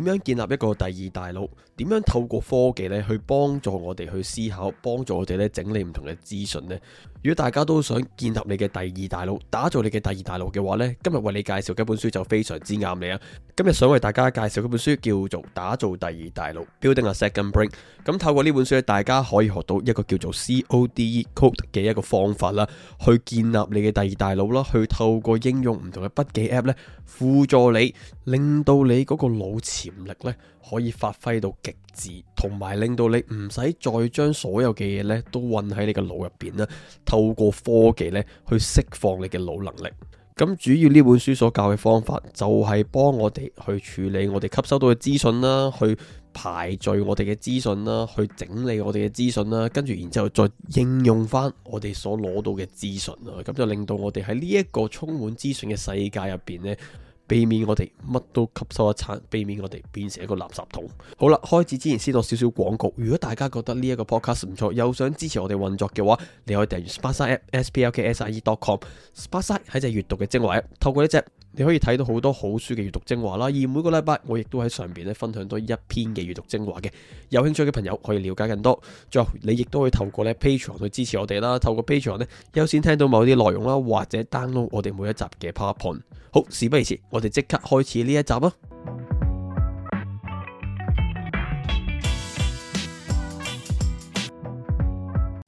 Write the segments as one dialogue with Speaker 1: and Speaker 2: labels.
Speaker 1: 點樣建立一個第二大腦？點樣透過科技咧去幫助我哋去思考，幫助我哋咧整理唔同嘅資訊呢？如果大家都想建立你嘅第二大腦，打造你嘅第二大腦嘅話呢，今日為你介紹一本書就非常之啱你啊！今日想為大家介紹嗰本書叫做《打造第二大腦》（Building a Second Brain）。咁，嗯，透過呢本書呢，大家可以學到一個叫做 CO C.O.D.E. Code 嘅一個方法啦，去建立你嘅第二大腦啦，去透過應用唔同嘅筆記 App 咧，輔助你，令到你嗰個腦潛力咧可以發揮到極致，同埋令到你唔使再將所有嘅嘢咧都混喺你個腦入邊啦。透過科技咧去釋放你嘅腦能力，咁主要呢本書所教嘅方法就係幫我哋去處理我哋吸收到嘅資訊啦，去排序我哋嘅資訊啦，去整理我哋嘅資訊啦，跟住然之後再應用翻我哋所攞到嘅資訊啊，咁就令到我哋喺呢一個充滿資訊嘅世界入邊呢。避免我哋乜都吸收一餐，避免我哋變成一個垃圾桶。好啦，開始之前先做少少廣告。如果大家覺得呢一個 podcast 唔錯，又想支持我哋運作嘅話，你可以訂閱 Sparksine App，s p a r k s i n e dot com。Sparksine 係只閱讀嘅精華，透過呢隻。你可以睇到好多好書嘅閱讀精華啦，而每個禮拜我亦都喺上邊咧分享多一篇嘅閱讀精華嘅。有興趣嘅朋友可以了解更多。最後，你亦都可以透過咧 Patreon 去支持我哋啦，透過 Patreon 咧優先聽到某啲內容啦，或者 download 我哋每一集嘅 podcast。好，事不宜遲，我哋即刻開始呢一集啦。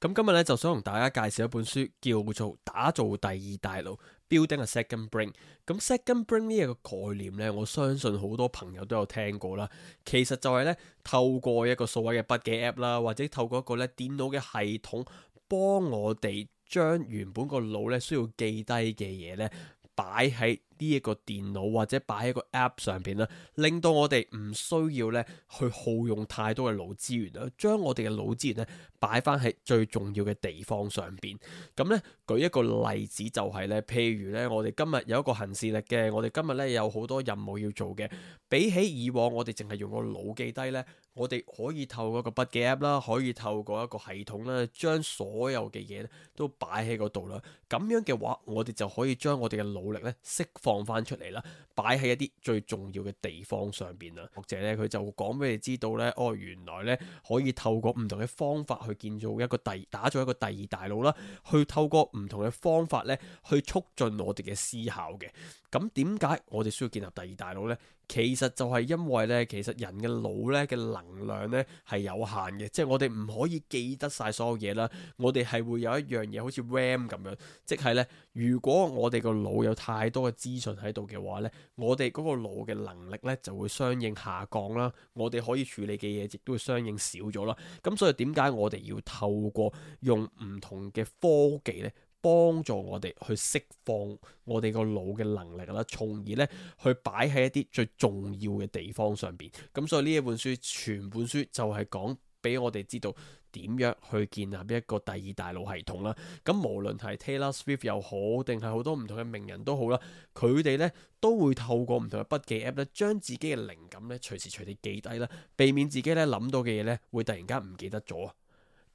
Speaker 1: 咁今日咧就想同大家介紹一本書，叫做《打造第二大腦》。building a second brain，咁 second brain 呢個概念咧，我相信好多朋友都有聽過啦。其實就係咧，透過一個所謂嘅筆記 app 啦，或者透過一個咧電腦嘅系統，幫我哋將原本個腦咧需要記低嘅嘢咧擺喺，擺呢一個電腦或者擺喺個 App 上邊咧，令到我哋唔需要咧去耗用太多嘅腦資源啊，將我哋嘅腦資源咧擺翻喺最重要嘅地方上邊。咁咧，舉一個例子就係咧，譬如咧，我哋今日有一個行事曆嘅，我哋今日咧有好多任務要做嘅。比起以往我，我哋淨係用個腦記低咧，我哋可以透過個筆記 App 啦，可以透過一個系統咧，將所有嘅嘢都擺喺嗰度啦。咁樣嘅話，我哋就可以將我哋嘅努力咧釋放翻出嚟啦，擺喺一啲最重要嘅地方上邊啦。或者咧，佢就會講俾你知道咧，哦，原來咧可以透過唔同嘅方法去建造一個第打造一個第二大腦啦，去透過唔同嘅方法咧去促進我哋嘅思考嘅。咁點解我哋需要建立第二大腦咧？其實就係因為咧，其實人嘅腦咧嘅能量咧係有限嘅，即係我哋唔可以記得晒所有嘢啦。我哋係會有一樣嘢，好似 RAM 咁樣，即係咧，如果我哋個腦有太多嘅資訊喺度嘅話咧，我哋嗰個腦嘅能力咧就會相應下降啦。我哋可以處理嘅嘢，亦都會相應少咗啦。咁所以點解我哋要透過用唔同嘅科技咧？幫助我哋去釋放我哋個腦嘅能力啦，從而咧去擺喺一啲最重要嘅地方上邊。咁所以呢一本書，全本書就係講俾我哋知道點樣去建立一個第二大腦系統啦。咁無論係 Taylor Swift 又好，定係好多唔同嘅名人都好啦，佢哋咧都會透過唔同嘅筆記 app 咧，將自己嘅靈感咧隨時隨地記低啦，避免自己咧諗到嘅嘢咧會突然間唔記得咗。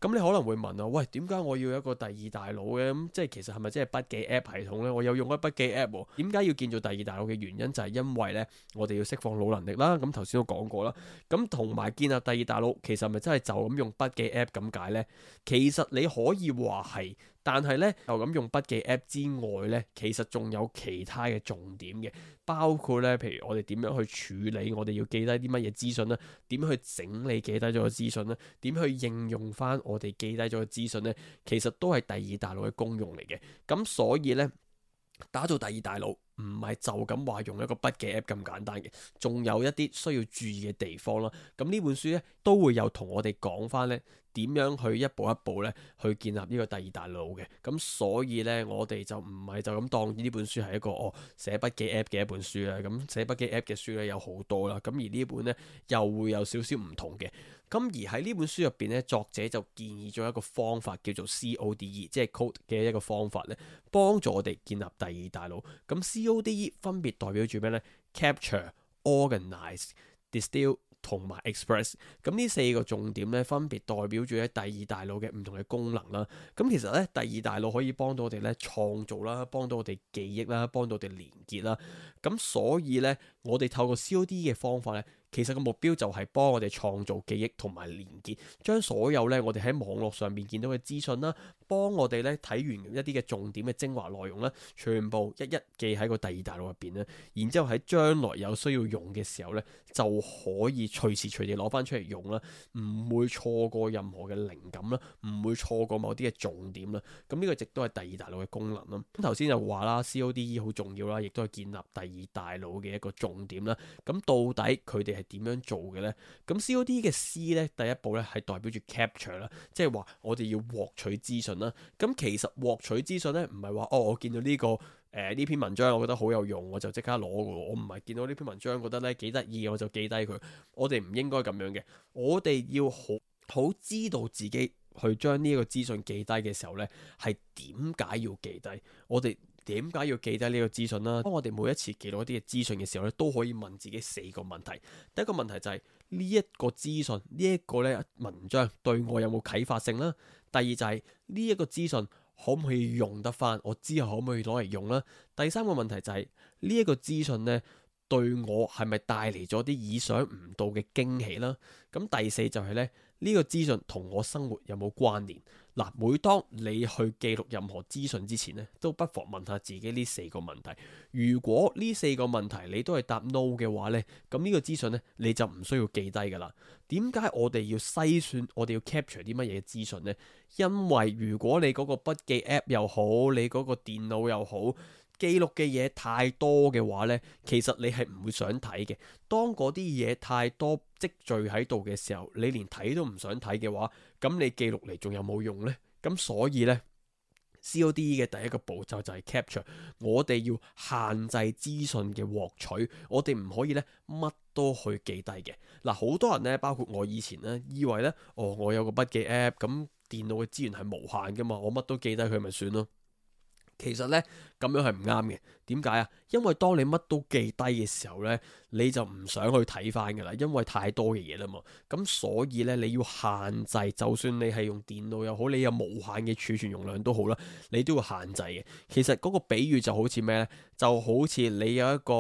Speaker 1: 咁你可能會問啊，喂，點解我要一個第二大腦嘅？咁即係其實係咪真係筆記 App 系統咧？我有用開筆記 App，點解要建造第二大腦嘅原因就係因為咧，我哋要釋放腦能力啦。咁頭先都講過啦。咁同埋建立第二大腦，其實係咪真係就咁用筆記 App 咁解咧？其實你可以話係。但係呢，就咁用筆記 app 之外呢，其實仲有其他嘅重點嘅，包括呢，譬如我哋點樣去處理，我哋要記低啲乜嘢資訊呢？點去整理記低咗嘅資訊呢？點去應用翻我哋記低咗嘅資訊呢？其實都係第二大腦嘅功用嚟嘅。咁所以呢，打造第二大腦，唔係就咁話用一個筆記 app 咁簡單嘅，仲有一啲需要注意嘅地方咯。咁呢本書呢，都會有同我哋講翻呢點樣去一步一步呢去建立呢個第二大腦嘅。咁所以呢，我哋就唔係就咁當呢本書係一個哦寫筆記 app 嘅一本書啦。咁寫筆記 app 嘅書呢，有好多啦。咁而呢本呢，又會有少少唔同嘅。咁而喺呢本書入邊呢，作者就建議咗一個方法叫做 C.O.D.E，即係 code 嘅一個方法呢，幫助我哋建立第二大腦。咁 C.O.D.E 分，分別代表住咩呢？Capture、Organize、Distill 同埋 Express，咁呢四個重點呢，分別代表住喺第二大腦嘅唔同嘅功能啦。咁其實呢，第二大腦可以幫到我哋咧創造啦，幫到我哋記憶啦，幫到我哋連結啦。咁所以呢，我哋透過 C.O.D.E 嘅方法呢。其實個目標就係幫我哋創造記憶同埋連結，將所有咧我哋喺網絡上面見到嘅資訊啦，幫我哋咧睇完一啲嘅重點嘅精華內容啦，全部一一記喺個第二大腦入邊咧，然之後喺將來有需要用嘅時候咧，就可以隨時隨地攞翻出嚟用啦，唔會錯過任何嘅靈感啦，唔會錯過某啲嘅重點啦。咁、這、呢個亦都係第二大腦嘅功能啦。咁頭先就話啦，CODE 好重要啦，亦都係建立第二大腦嘅一個重點啦。咁到底佢哋？係點樣做嘅呢？咁 CODE 嘅 C 呢，第一步呢係代表住 capture 啦，即係話我哋要獲取資訊啦。咁其實獲取資訊呢，唔係話哦，我見到呢、呢個誒呢、呃、篇文章，我覺得好有用，我就即刻攞噶。我唔係見到呢篇文章覺得呢幾得意，我就記低佢。我哋唔應該咁樣嘅。我哋要好好知道自己去將呢一個資訊記低嘅時候呢，係點解要記低？我哋。點解要記得呢個資訊啦？當我哋每一次記錄一啲嘅資訊嘅時候咧，都可以問自己四個問題。第一個問題就係呢一個資訊、這個、呢一個咧文章對我有冇啟發性啦？第二就係呢一個資訊可唔可以用得返？我之後可唔可以攞嚟用啦？第三個問題就係呢一個資訊咧對我係咪帶嚟咗啲意想唔到嘅驚喜啦？咁第四就係咧。呢個資訊同我生活有冇關聯？嗱，每當你去記錄任何資訊之前呢，都不妨問下自己呢四個問題。如果呢四個問題你都係答 no 嘅話呢，咁呢個資訊呢，你就唔需要記低㗎喇。點解我哋要篩選？我哋要 capture 啲乜嘢資訊呢？因為如果你嗰個筆記 app 又好，你嗰個電腦又好，記錄嘅嘢太多嘅話呢，其實你係唔會想睇嘅。當嗰啲嘢太多積聚喺度嘅時候，你連睇都唔想睇嘅話，咁你記錄嚟仲有冇用呢？咁所以呢，CODE 嘅第一個步驟就係 capture，我哋要限制資訊嘅獲取，我哋唔可以呢乜都去記低嘅。嗱，好多人呢，包括我以前呢，以為呢，哦，我有個筆記 app，咁電腦嘅資源係無限噶嘛，我乜都記低佢咪算咯。其實咧，咁樣係唔啱嘅，點解啊？因為當你乜都記低嘅時候咧，你就唔想去睇翻噶啦，因為太多嘅嘢啦嘛。咁所以咧，你要限制，就算你係用電腦又好，你有無限嘅儲存容量都好啦，你都要限制嘅。其實嗰個比喻就好似咩咧？就好似你有一個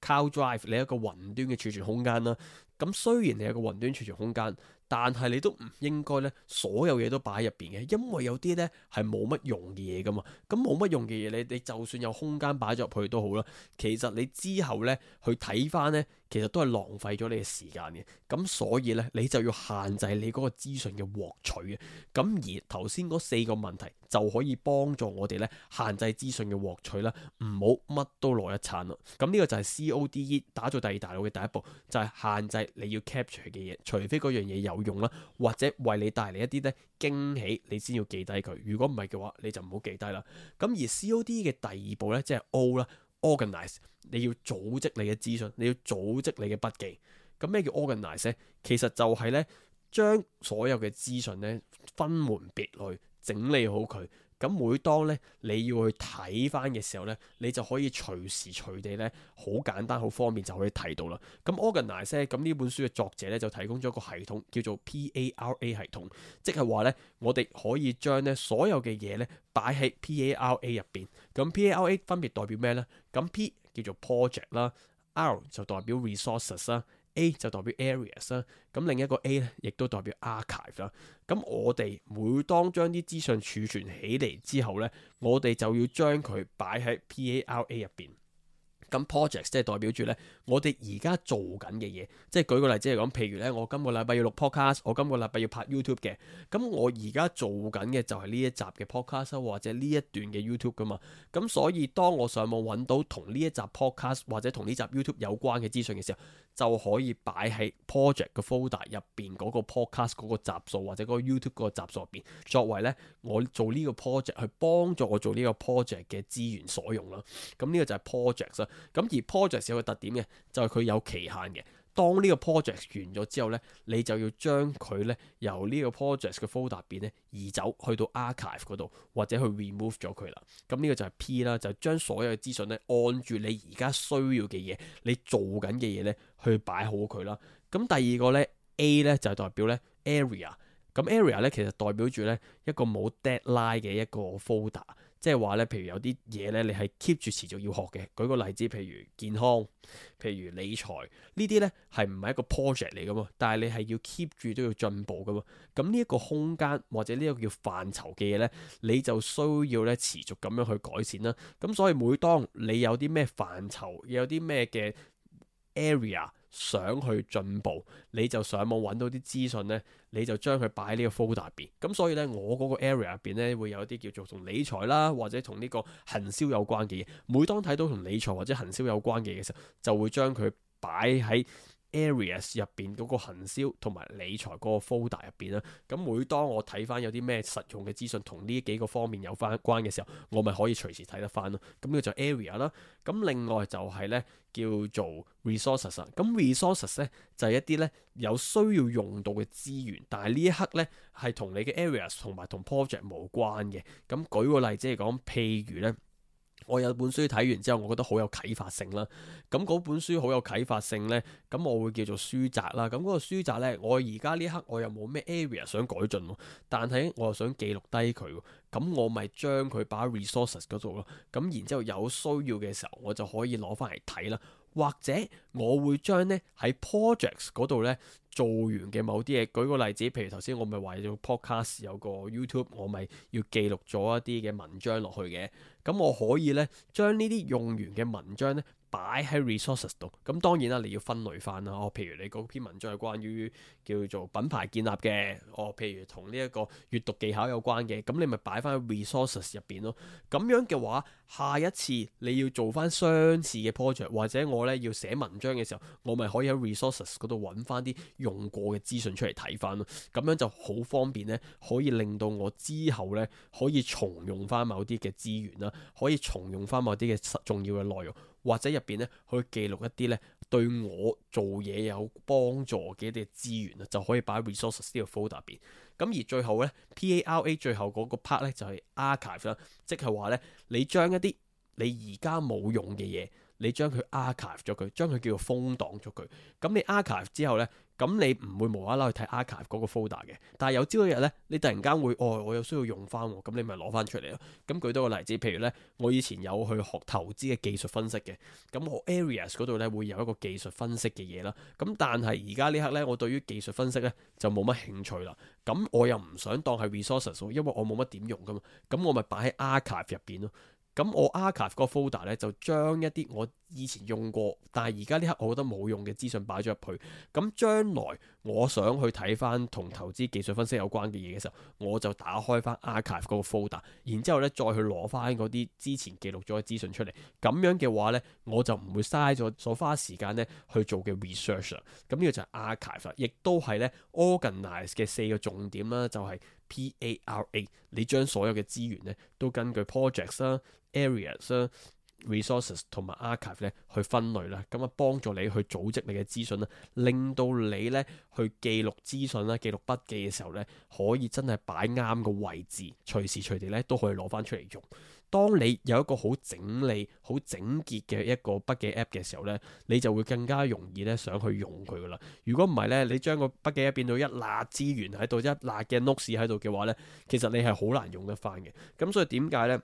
Speaker 1: Cloud Drive，你有一個雲端嘅儲存空間啦。咁雖然你有一個雲端儲存空間。但係你都唔應該咧，所有嘢都擺喺入邊嘅，因為有啲咧係冇乜用嘅嘢㗎嘛。咁冇乜用嘅嘢，你你就算有空間擺咗入去都好啦。其實你之後咧去睇返咧。其實都係浪費咗你嘅時間嘅，咁所以咧，你就要限制你嗰個資訊嘅獲取嘅，咁而頭先嗰四個問題就可以幫助我哋咧限制資訊嘅獲取啦，唔好乜都來一餐咯。咁、這、呢個就係 C O D E 打造第二大腦嘅第一步，就係、是、限制你要 capture 嘅嘢，除非嗰樣嘢有用啦，或者為你帶嚟一啲咧驚喜，你先要記低佢。如果唔係嘅話，你就唔好記低啦。咁而 C O D E 嘅第二步咧，即係 O 啦。Organize，你要組織你嘅資訊，你要組織你嘅筆記。咁咩叫 Organize 呢？其實就係呢，將所有嘅資訊呢分門別類，整理好佢。咁每當咧你要去睇返嘅時候咧，你就可以隨時隨地咧，好簡單、好方便就可以睇到啦。咁 Organize，咁呢本書嘅作者咧就提供咗一個系統，叫做 PARA 系統，即係話咧我哋可以將咧所有嘅嘢咧擺喺 PARA 入邊。咁 PARA 分別代表咩咧？咁 P 叫做 Project 啦，R 就代表 Resources 啦。A 就代表 areas 啦，咁另一個 A 咧，亦都代表 archive 啦。咁我哋每當將啲資訊儲存起嚟之後呢，我哋就要將佢擺喺 PARA 入邊。咁 projects 即係代表住呢，我哋而家做緊嘅嘢，即係舉個例子嚟講，譬如呢，我今個禮拜要錄 podcast，我今個禮拜要拍 YouTube 嘅。咁我而家做緊嘅就係呢一集嘅 podcast，或者呢一段嘅 YouTube 噶嘛。咁所以當我上網揾到同呢一集 podcast 或者同呢集 YouTube 有關嘅資訊嘅時候，就可以擺喺 project 嘅 folder 入邊，嗰個 podcast 嗰個集數或者嗰個 YouTube 嗰個集數入邊，作為咧我做呢個 project 去幫助我做呢個 project 嘅資源所用咯。咁呢個就係 project 啦。咁而 project 有個特點嘅，就係佢有期限嘅。當呢個 project 完咗之後呢，你就要將佢呢由呢個 project 嘅 folder 邊呢，移走去到 archive 嗰度，或者去 remove 咗佢啦。咁呢個就係 P 啦，就將所有嘅資訊呢按住你而家需要嘅嘢、你做緊嘅嘢呢去擺好佢啦。咁第二個呢 A 呢就係代表呢 area，咁 area 呢其實代表住呢一個冇 deadline 嘅一個 folder。即係話咧，譬如有啲嘢咧，你係 keep 住持續要學嘅。舉個例子，譬如健康，譬如理財呢啲咧，係唔係一個 project 嚟噶嘛？但係你係要 keep 住都要進步噶嘛。咁呢一個空間或者呢個叫範疇嘅嘢咧，你就需要咧持續咁樣去改善啦。咁、啊、所以每當你有啲咩範疇，有啲咩嘅 area，想去進步，你就上網揾到啲資訊呢，你就將佢擺喺呢個 folder 入邊。咁所以呢，我嗰個 area 入邊呢，會有啲叫做同理財啦，或者同呢個行銷有關嘅嘢。每當睇到同理財或者行銷有關嘅嘢嘅時候，就會將佢擺喺。Areas 入邊嗰個行銷同埋理財嗰個 folder 入邊啦，咁每當我睇翻有啲咩實用嘅資訊同呢幾個方面有翻關嘅時候，我咪可以隨時睇得翻咯。咁叫做 area 啦。咁另外就係咧叫做 resources。咁 resources 咧就係一啲咧有需要用到嘅資源，但係呢一刻咧係同你嘅 areas 同埋同 project 無關嘅。咁舉個例子嚟講，譬如咧。我有本書睇完之後，我覺得好有啟發性啦。咁嗰本書好有啟發性呢，咁我會叫做書集啦。咁嗰個書集呢，我而家呢刻我又冇咩 area 想改進喎，但係我又想記錄低佢。咁我咪將佢擺喺 resources 嗰度咯。咁然之後有需要嘅時候，我就可以攞翻嚟睇啦。或者我會將呢喺 projects 嗰度呢。做完嘅某啲嘢，舉個例子，譬如頭先我咪話做 Podcast 有個，Pod 個 YouTube，我咪要記錄咗一啲嘅文章落去嘅，咁我可以呢將呢啲用完嘅文章呢。擺喺 resources 度，咁當然啦，你要分類翻啦。哦，譬如你嗰篇文章係關於叫做品牌建立嘅，哦，譬如同呢一個閱讀技巧有關嘅，咁你咪擺翻喺 resources 入邊咯。咁樣嘅話，下一次你要做翻相似嘅 project，或者我咧要寫文章嘅時候，我咪可以喺 resources 嗰度揾翻啲用過嘅資訊出嚟睇翻咯。咁樣就好方便咧，可以令到我之後咧可以重用翻某啲嘅資源啦，可以重用翻某啲嘅重要嘅內容。或者入邊咧，去記錄一啲咧對我做嘢有幫助嘅一啲資源啊，就可以擺 resources 呢個 folder 入邊。咁而最後咧，P.A.R.A. 最後嗰個 part 咧就係、是、archive 啦，即係話咧，你將一啲你而家冇用嘅嘢，你將佢 archive 咗佢，將佢叫做封檔咗佢。咁你 archive 之後咧。咁你唔會無啦啦去睇 archive 嗰個 folder 嘅，但係有朝一日咧，你突然間會哦，我有需要用翻，咁你咪攞翻出嚟咯。咁舉多個例子，譬如咧，我以前有去學投資嘅技術分析嘅，咁我 areas 嗰度咧會有一個技術分析嘅嘢啦。咁但係而家呢刻咧，我對於技術分析咧就冇乜興趣啦。咁我又唔想當係 resources，因為我冇乜點用噶嘛。咁我咪擺喺 archive 入邊咯。咁我 archive 嗰個 folder 咧，就將一啲我以前用過，但係而家呢刻我覺得冇用嘅資訊擺咗入去。咁將來我想去睇翻同投資技術分析有關嘅嘢嘅時候，我就打開翻 archive 嗰個 folder，然之後咧再去攞翻嗰啲之前記錄咗嘅資訊出嚟。咁樣嘅話咧，我就唔會嘥咗所花時間咧去做嘅 research 啦。咁呢個就係 archive 啦，亦都係咧 organize 嘅四個重點啦，就係。P.A.R.A. 你，將所有嘅資源咧，都根據 projects、areas、resources 同埋 archive 咧去分類啦，咁啊幫助你去組織你嘅資訊啦，令到你咧去記錄資訊啦、記錄筆記嘅時候咧，可以真係擺啱個位置，隨時隨地咧都可以攞翻出嚟用。當你有一個好整理、好整潔嘅一個筆記 App 嘅時候呢，你就會更加容易呢想去用佢噶啦。如果唔係呢，你將個筆記 App 變到一攤資源喺度、一攤嘅 notes 喺度嘅話呢，其實你係好難用得翻嘅。咁所以點解呢？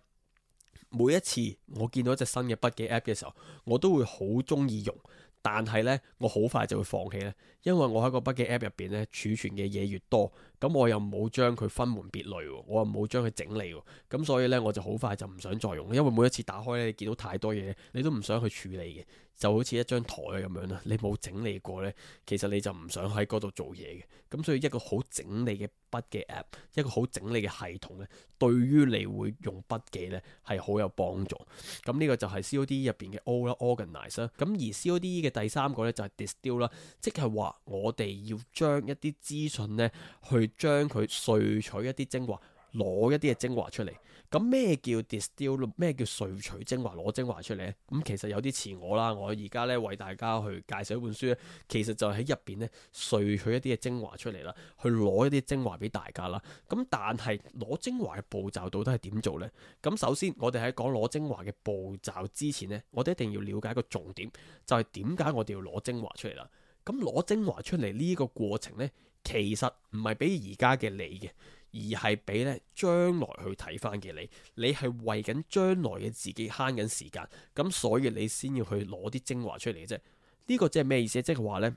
Speaker 1: 每一次我見到一隻新嘅筆記 App 嘅時候，我都會好中意用，但係呢，我好快就會放棄呢，因為我喺個筆記 App 入邊呢，儲存嘅嘢越多。咁我又冇將佢分門別類，我又冇將佢整理，咁所以呢，我就好快就唔想再用，因為每一次打開呢，你見到太多嘢，你都唔想去處理嘅，就好似一張台咁樣啦。你冇整理過呢，其實你就唔想喺嗰度做嘢嘅。咁所以一個好整理嘅筆嘅 app，一個好整理嘅系統呢，對於你會用筆記呢，係好有幫助。咁呢個就係 CODE 入邊嘅 O，Organize 啦。咁而 CODE 嘅第三個呢，就係 Distill 啦，啊，即係話我哋要將一啲資訊呢。去。將佢萃取一啲精華，攞一啲嘅精華出嚟。咁咩叫 distill？咩叫萃取精華，攞精華出嚟呢？咁其實有啲似我啦。我而家咧為大家去介紹一本書咧，其實就喺入邊咧萃取一啲嘅精華出嚟啦，去攞一啲精華俾大家啦。咁但係攞精華嘅步驟到底係點做呢？咁首先我哋喺講攞精華嘅步驟之前呢，我哋一定要了解一個重點，就係點解我哋要攞精華出嚟啦？咁攞精華出嚟呢個過程呢。其實唔係俾而家嘅你嘅，而係俾咧將來去睇翻嘅你。你係為緊將來嘅自己慳緊時間，咁所以你先要去攞啲精華出嚟嘅啫。呢個即係咩意思？即係話呢，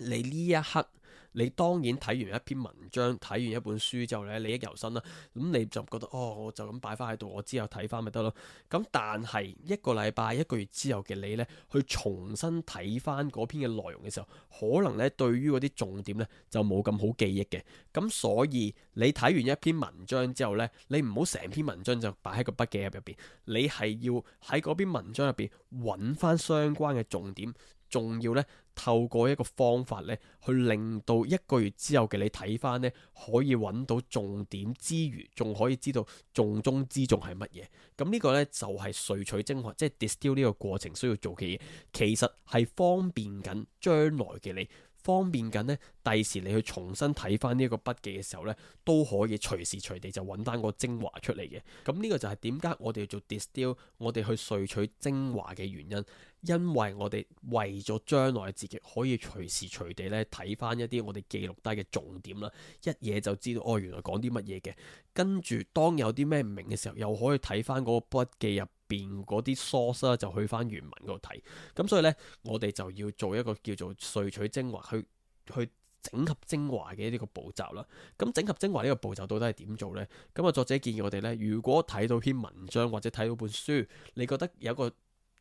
Speaker 1: 你呢一刻。你當然睇完一篇文章、睇完一本書之後呢，你憶猶新啦，咁你就覺得哦，我就咁擺翻喺度，我之後睇翻咪得咯。咁但係一個禮拜、一個月之後嘅你呢，去重新睇翻嗰篇嘅內容嘅時候，可能呢對於嗰啲重點呢，就冇咁好記憶嘅。咁所以你睇完一篇文章之後呢，你唔好成篇文章就擺喺個筆記入邊，你係要喺嗰篇文章入邊揾翻相關嘅重點。仲要咧透過一個方法咧，去令到一個月之後嘅你睇翻咧，可以揾到重點之餘，仲可以知道重中之重係乜嘢？咁呢個咧就係萃取精華，即係 distill 呢個過程需要做嘅嘢，其實係方便緊將來嘅你。方便緊呢，第時你去重新睇翻呢一個筆記嘅時候呢，都可以隨時隨地就揾翻個精華出嚟嘅。咁呢個就係點解我哋要做 distill，我哋去萃取精華嘅原因，因為我哋為咗將來自己可以隨時隨地呢睇翻一啲我哋記錄低嘅重點啦，一嘢就知道哦，原來講啲乜嘢嘅。跟住當有啲咩唔明嘅時候，又可以睇翻嗰個筆記入邊嗰啲 source 啦，就去翻原文嗰度睇。咁所以呢，我哋就要做一個叫做萃取精華去、去、去整合精華嘅呢個步驟啦。咁整合精華呢個步驟到底係點做呢？咁啊，作者建議我哋呢，如果睇到篇文章或者睇到本書，你覺得有個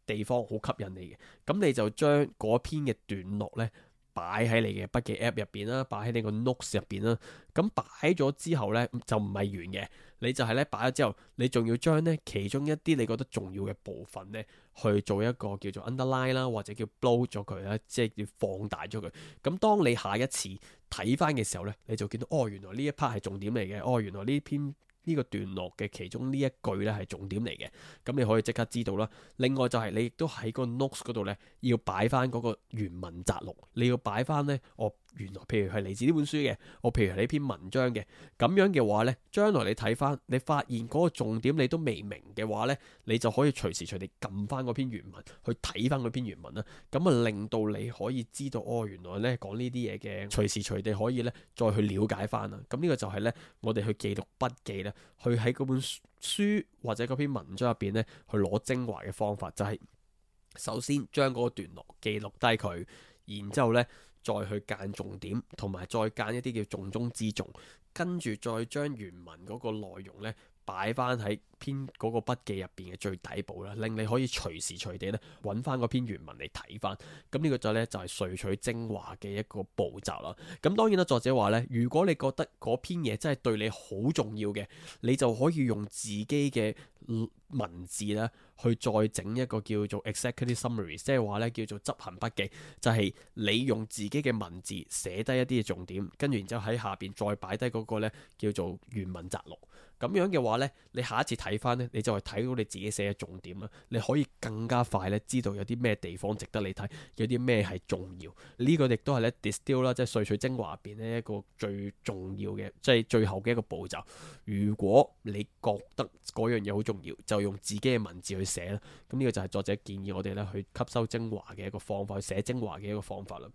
Speaker 1: 地方好吸引你嘅，咁你就將嗰篇嘅段落呢擺喺你嘅筆記 app 入邊啦，面擺喺你個 notes 入邊啦。咁擺咗之後呢，就唔係完嘅。你就係咧擺咗之後，你仲要將咧其中一啲你覺得重要嘅部分咧，去做一個叫做 underline 啦，或者叫 blow 咗佢啦，即係要放大咗佢。咁當你下一次睇翻嘅時候咧，你就見到哦，原來呢一 part 係重點嚟嘅，哦，原來呢、哦、篇呢、呢個段落嘅其中呢一句咧係重點嚟嘅，咁你可以即刻知道啦。另外就係你亦都喺個 notes 嗰度咧，要擺翻嗰個原文摘錄，你要擺翻咧哦。我原來，譬如係嚟自呢本書嘅，我譬如係呢篇文章嘅咁樣嘅話呢，將來你睇翻，你發現嗰個重點你都未明嘅話呢，你就可以隨時隨地撳翻嗰篇原文去睇翻嗰篇原文啦。咁啊，令到你可以知道哦，原來呢講呢啲嘢嘅，隨時隨地可以呢再去了解翻啦。咁呢個就係呢，我哋去記錄筆記呢，去喺嗰本書或者嗰篇文章入邊呢，去攞精華嘅方法，就係首先將嗰段落記錄低佢，然之後呢。再去揀重點，同埋再揀一啲叫重中之重，跟住再將原文嗰個內容呢。擺翻喺篇嗰個筆記入邊嘅最底部啦，令你可以隨時隨地咧揾翻嗰篇原文嚟睇翻。咁呢個就咧就係萃取精華嘅一個步驟啦。咁當然啦，作者話咧，如果你覺得嗰篇嘢真係對你好重要嘅，你就可以用自己嘅文字咧去再整一個叫做 Executive Summary，即係話咧叫做執行筆記，就係、是、你用自己嘅文字寫低一啲嘅重點，跟住然之後喺下邊再擺低嗰個咧叫做原文摘錄。咁樣嘅話呢，你下一次睇翻呢，你就會睇到你自己寫嘅重點啦。你可以更加快咧，知道有啲咩地方值得你睇，有啲咩係重要。呢個亦都係咧 distill 啦，即係萃取精華入邊呢一個最重要嘅，即係最後嘅一個步驟。如果你覺得嗰樣嘢好重要，就用自己嘅文字去寫啦。咁呢個就係作者建議我哋咧去吸收精華嘅一個方法，寫精華嘅一個方法啦。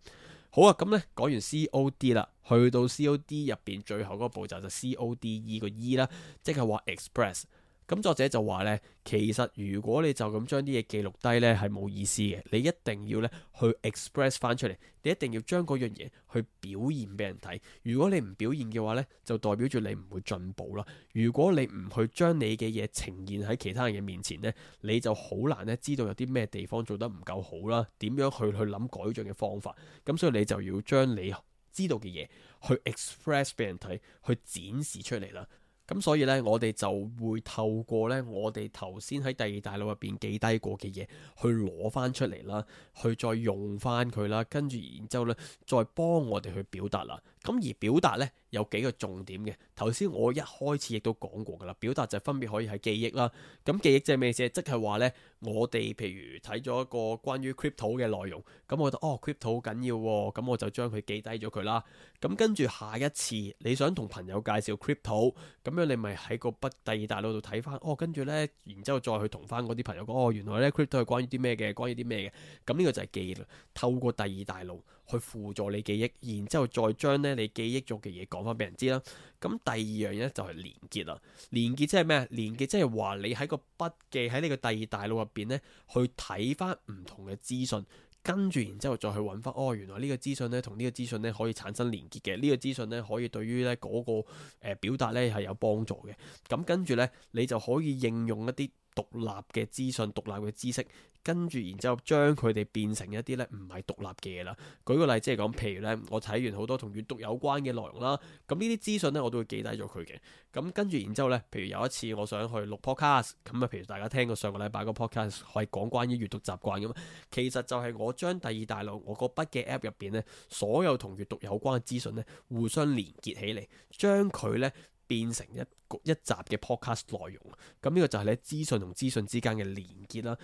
Speaker 1: 好啊，咁咧講完 COD 啦，去到 COD 入邊最後嗰個步驟就 CODE 個 E 啦，即係話 express。咁作者就話呢，其實如果你就咁將啲嘢記錄低呢，係冇意思嘅。你一定要呢去 express 翻出嚟，你一定要將嗰樣嘢去表現俾人睇。如果你唔表現嘅話呢，就代表住你唔會進步啦。如果你唔去將你嘅嘢呈現喺其他人嘅面前呢，你就好難呢知道有啲咩地方做得唔夠好啦，點樣去去諗改進嘅方法。咁所以你就要將你知道嘅嘢去 express 俾人睇，去展示出嚟啦。咁所以呢，我哋就會透過呢，我哋頭先喺第二大腦入邊記低過嘅嘢，去攞翻出嚟啦，去再用翻佢啦，跟住然之後呢，再幫我哋去表達啦。咁而表達呢，有幾個重點嘅。頭先我一開始亦都講過㗎啦，表達就分別可以係記憶啦。咁記憶即係咩意思？即係話呢，我哋譬如睇咗一個關於 crypto 嘅內容，咁、嗯、我覺得哦 crypto 好緊要喎，咁、嗯、我就將佢記低咗佢啦。咁、嗯、跟住下一次你想同朋友介紹 crypto 咁樣你咪喺個筆第二大腦度睇翻哦。跟住呢，然之後再去同翻嗰啲朋友講哦，原來呢 crypto 係關於啲咩嘅，關於啲咩嘅。咁、嗯、呢、這個就係記憶啦，透過第二大腦。去輔助你記憶，然之後再將咧你記憶咗嘅嘢講翻俾人知啦。咁第二樣嘢就係連結啦，連結即係咩啊？連結即係話你喺個筆記喺你個第二大腦入邊咧，去睇翻唔同嘅資訊，跟住然之後再去揾翻，哦，原來呢個資訊咧同呢個資訊咧可以產生連結嘅，呢個資訊咧可以對於咧嗰個誒表達咧係有幫助嘅。咁跟住咧，你就可以應用一啲。獨立嘅資訊、獨立嘅知識，跟住然之後將佢哋變成一啲咧唔係獨立嘅嘢啦。舉個例子嚟講，譬如咧，我睇完好多同閲讀有關嘅內容啦，咁呢啲資訊咧，我都會記低咗佢嘅。咁跟住然之後咧，譬如有一次我想去錄 podcast，咁啊，譬如大家聽過上個禮拜個 podcast 係講關於閲讀習慣嘅嘛，其實就係我將第二大腦我個筆記 app 入邊咧所有同閲讀有關嘅資訊咧互相連結起嚟，將佢咧，變成一個一集嘅 podcast 內容，咁呢個就係咧資訊同資訊之間嘅連結啦。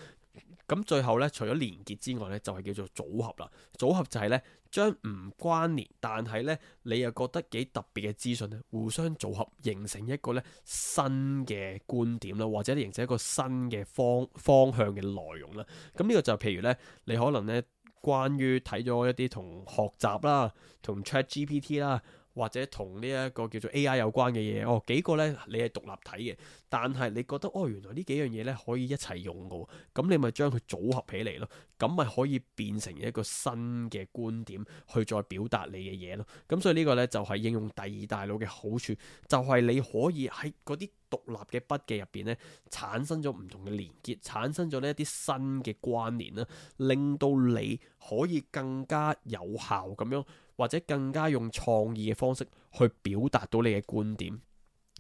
Speaker 1: 咁最後咧，除咗連結之外咧，就係叫做組合啦。組合就係咧，將唔關聯但係咧，你又覺得幾特別嘅資訊咧，互相組合形成一個咧新嘅觀點啦，或者形成一個新嘅方方向嘅內容啦。咁呢個就譬如咧，你可能咧關於睇咗一啲同學習啦，同 ChatGPT 啦。或者同呢一個叫做 A.I. 有關嘅嘢，哦幾個呢，你係獨立睇嘅，但係你覺得哦，原來呢幾樣嘢呢可以一齊用嘅，咁你咪將佢組合起嚟咯，咁咪可以變成一個新嘅觀點去再表達你嘅嘢咯。咁所以呢個呢，就係應用第二大腦嘅好處，就係你可以喺嗰啲獨立嘅筆記入邊呢，產生咗唔同嘅連結，產生咗一啲新嘅關聯啦，令到你可以更加有效咁樣。或者更加用創意嘅方式去表達到你嘅觀點，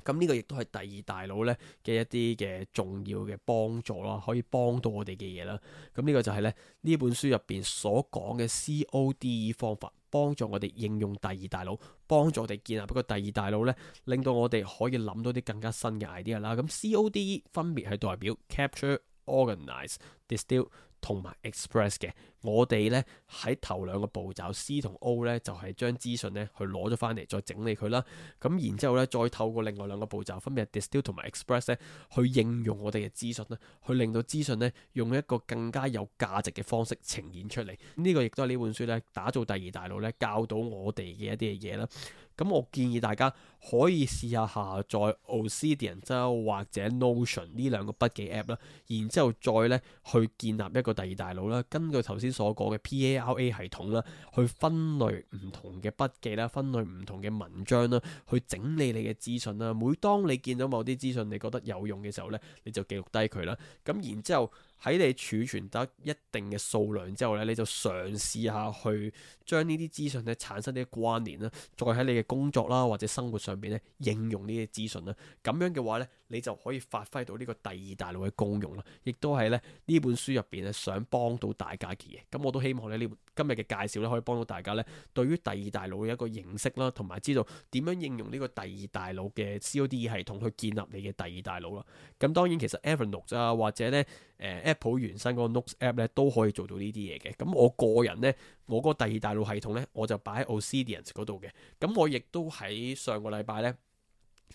Speaker 1: 咁呢個亦都係第二大腦呢嘅一啲嘅重要嘅幫助啦，可以幫到我哋嘅嘢啦。咁呢個就係咧，呢本書入邊所講嘅 CODE 方法，幫助我哋應用第二大腦，幫助我哋建立一個第二大腦呢，令到我哋可以諗到啲更加新嘅 idea 啦。咁 CODE 分別係代表 capture、organize、distill 同埋 express 嘅。我哋咧喺頭兩個步驟 C 同 O 咧，就係將資訊咧去攞咗翻嚟，再整理佢啦。咁然之後咧，再透過另外兩個步驟，分別係 distill 同埋 express 咧，去應用我哋嘅資訊啦，去令到資訊咧用一個更加有價值嘅方式呈現出嚟。呢個亦都係呢本書咧打造第二大腦咧，教到我哋嘅一啲嘅嘢啦。咁我建議大家可以試下下載 Obsidian 或者 Notion 呢兩個筆記 app 啦，然之後再咧去建立一個第二大腦啦。根據頭先。所講嘅 P.A.L.A 系統啦，去分類唔同嘅筆記啦，分類唔同嘅文章啦，去整理你嘅資訊啦。每當你見到某啲資訊，你覺得有用嘅時候呢，你就記錄低佢啦。咁然之後。喺你儲存得一定嘅數量之後咧，你就嘗試下去將呢啲資訊咧產生啲關聯啦，再喺你嘅工作啦或者生活上邊咧應用呢啲資訊啦，咁樣嘅話咧，你就可以發揮到呢個第二大腦嘅功用啦，亦都係咧呢本書入邊咧想幫到大家嘅嘢。咁我都希望咧呢本。今日嘅介紹咧，可以幫到大家咧，對於第二大腦嘅一個認識啦，同埋知道點樣應用呢個第二大腦嘅 C O D E 系統去建立你嘅第二大腦咯。咁當然其實 Evernote 啊，或者咧誒、呃、Apple 原生嗰個 Notes App 咧，都可以做到呢啲嘢嘅。咁我個人咧，我嗰個第二大腦系統咧，我就擺喺 Obsidian 嗰度嘅。咁我亦都喺上個禮拜咧，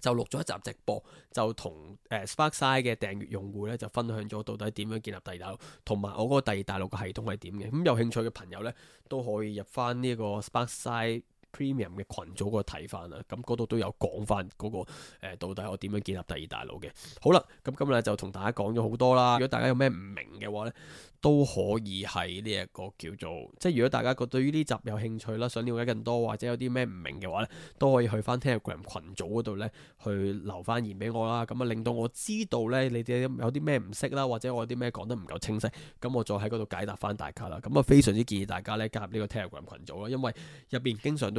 Speaker 1: 就錄咗一集直播，就同誒 Sparksine 嘅訂閱用戶咧，就分享咗到底點樣建立第二大腦，同埋我嗰個第二大腦嘅系統係點嘅。咁有興趣嘅朋友咧，都可以入翻呢個 Sparksine。Premium 嘅群組嗰個睇翻啦，咁嗰度都有講翻嗰個、呃、到底我點樣建立第二大腦嘅？好啦，咁今日就同大家講咗好多啦。如果大家有咩唔明嘅話呢，都可以喺呢一個叫做即係，如果大家個對於呢集有興趣啦，想了解更多或者有啲咩唔明嘅話呢，都可以去翻 Telegram 群組嗰度呢，去留翻言俾我啦。咁啊，令到我知道呢，你哋有啲咩唔識啦，或者我有啲咩講得唔夠清晰，咁我再喺嗰度解答翻大家啦。咁啊，非常之建議大家呢，加入呢個 Telegram 群組啦，因為入面經常都